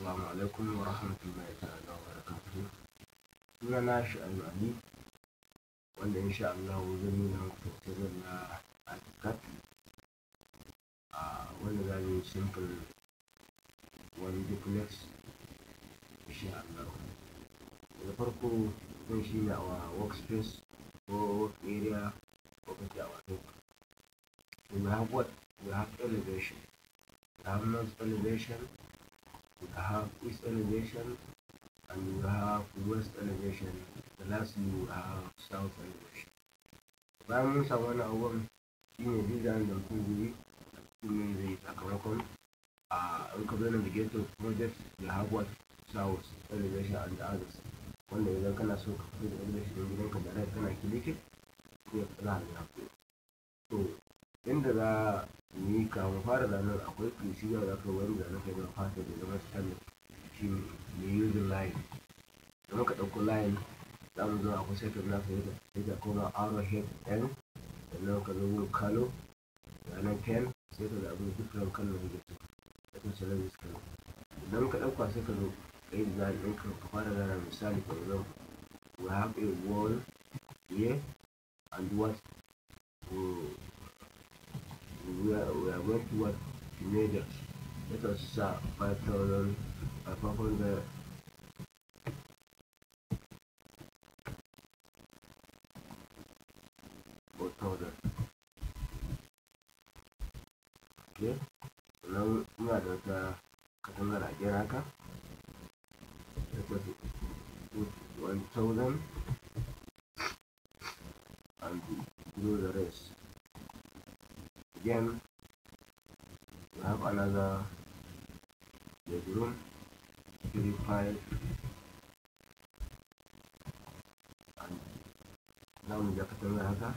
السلام عليكم ورحمة الله تعالى وبركاته سورة ناشي المعني وإن إن شاء الله وزمينا وكتبنا أتكت وإن ذلك سيمبل وإن ديكليكس إن شاء الله الفرق بين شيء أو ورك سبيس أو ورك إيريا أو بيت أو توك You have what? You have elevation. You have not elevation. you have east elevation and you have west elevation the last you have south elevation bayan mun samu wani abubuwan shi ne design da mutum zai yi a cikin yin zai sakamakon a in ka da navigator project you have what south elevation and the others wanda idan kana so ka fito da elevation din gidanka da rai kana kilikin ko ya tsara da to inda za ni kafin fara nan akwai procedure da aka wani zanen kai na fata da zama standard shi ne using line da muka ɗauko line za mu zo akwai second na ka yadda sai ka koma arrow head n sannan ka zo wurin kalo zanen 10 sai ka zaɓi dukkan kallon da ke da kan salon da idan muka ɗauka sai ka zo ka yi design ɗin ka fara zana misali for example we have a wall here and what hmm. we are going toward Immediate. Let us serve Python upon the order. Okay. Now muna da wata katangar a gera Let us put 1000 and do the rest. Again, we have another bedroom purified and za mu ja katangar haka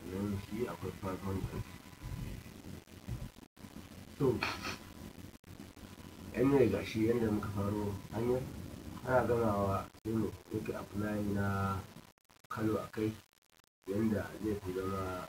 sannan shi akwai 500 So, anyway ga shi yadda muka faro hanyar ana gamawa sai mu yake apply na kalo a kai yadda zai fi zama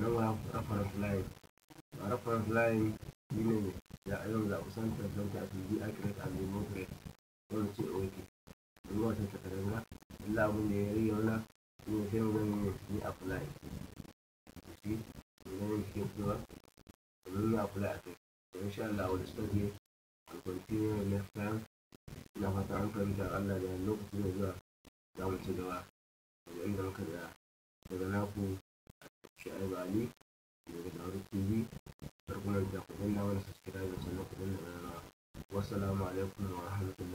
nan reference line a reference line shi ne ya yau zaɓi center don ta fi bi accurate and democrate don ce ok duk wata na illa abin da ya rage wani shi ne sai mu yi apply shi ne zan yi shi kuma domin yi apply a kai to insha Allah wani stoke and continue next time na fata an fahimta Allah da lokaci da zuwa za mu ci gaba daga inda muka tsaya daga naku da ku danna mana subscribe sannan ku danna ƙararrawa wassalamu alaikum wa rahmatullahi